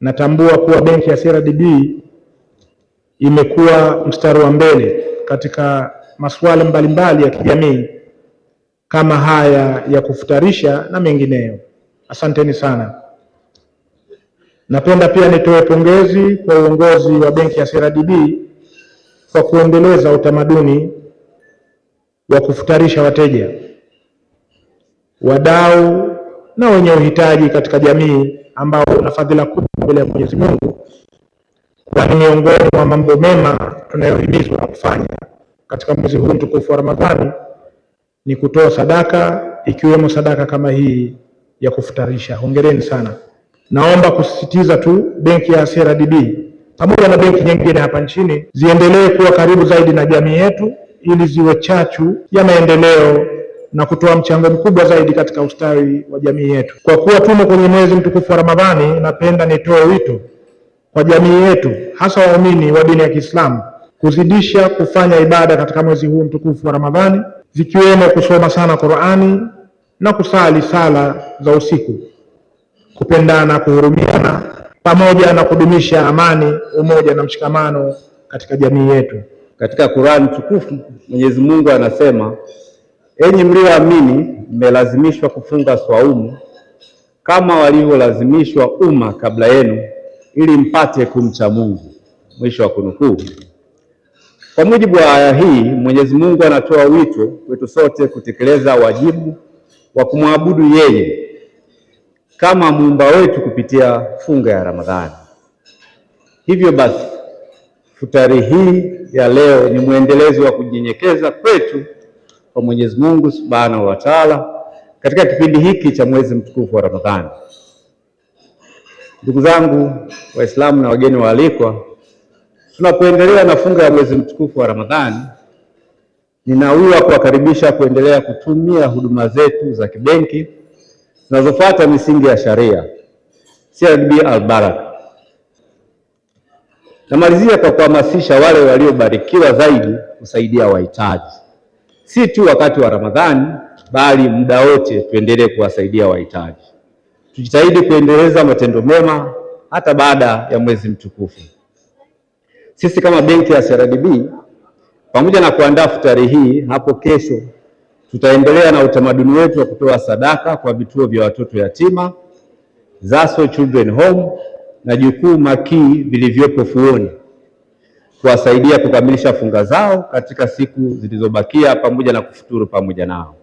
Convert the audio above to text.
Natambua kuwa benki ya CRDB imekuwa mstari wa mbele katika masuala mbalimbali ya kijamii kama haya ya kufutarisha na mengineyo. Asanteni sana. Napenda pia nitoe pongezi kwa uongozi wa benki ya CRDB kwa kuendeleza utamaduni wa kufutarisha wateja. Wadau na wenye uhitaji katika jamii ambao una fadhila kubwa mbele ya Mwenyezi Mungu, kwa miongoni mwa mambo mema tunayohimizwa kufanya katika mwezi huu mtukufu wa Ramadhani ni kutoa sadaka, ikiwemo sadaka kama hii ya kufutarisha. Hongereni sana. Naomba kusisitiza tu benki ya Asira DB pamoja na benki nyingine hapa nchini ziendelee kuwa karibu zaidi na jamii yetu ili ziwe chachu ya maendeleo na kutoa mchango mkubwa zaidi katika ustawi wa jamii yetu. Kwa kuwa tumo kwenye mwezi mtukufu wa Ramadhani, napenda nitoe wito kwa jamii yetu, hasa waumini wa dini ya Kiislamu kuzidisha kufanya ibada katika mwezi huu mtukufu wa Ramadhani, zikiwemo kusoma sana Qur'ani na kusali sala za usiku, kupendana, kuhurumiana, pamoja na kudumisha amani, umoja na mshikamano katika jamii yetu. Katika Qur'ani tukufu Mwenyezi Mungu anasema Enyi mlioamini mmelazimishwa kufunga swaumu kama walivyolazimishwa umma kabla yenu, ili mpate kumcha Mungu. Mwisho wa kunukuu. Kwa mujibu wa aya hii, Mwenyezi Mungu anatoa wito kwetu sote kutekeleza wajibu wa kumwabudu yeye kama muumba wetu kupitia funga ya Ramadhani. Hivyo basi, futari hii ya leo ni mwendelezo wa kunyenyekeza kwetu kwa Mwenyezi Mungu Subhanahu wa Ta'ala katika kipindi hiki cha mwezi mtukufu wa Ramadhani. Ndugu zangu Waislamu na wageni waalikwa, tunapoendelea na funga ya mwezi mtukufu wa Ramadhani, ninawiwa kuwakaribisha kuendelea kutumia huduma zetu za kibenki zinazofuata misingi ya sharia CRDB Al Baraka. Namalizia kwa kuhamasisha wale waliobarikiwa zaidi kusaidia wahitaji si tu wakati wa Ramadhani bali muda wote tuendelee kuwasaidia wahitaji. Tujitahidi kuendeleza matendo mema hata baada ya mwezi mtukufu. Sisi kama benki ya CRDB pamoja na kuandaa futari hii hapo kesho, tutaendelea na utamaduni wetu wa kutoa sadaka kwa vituo vya watoto yatima, Zaso Children Home na Jukuu Makii vilivyopo Fuoni kuwasaidia kukamilisha funga zao katika siku zilizobakia pamoja na kufuturu pamoja nao.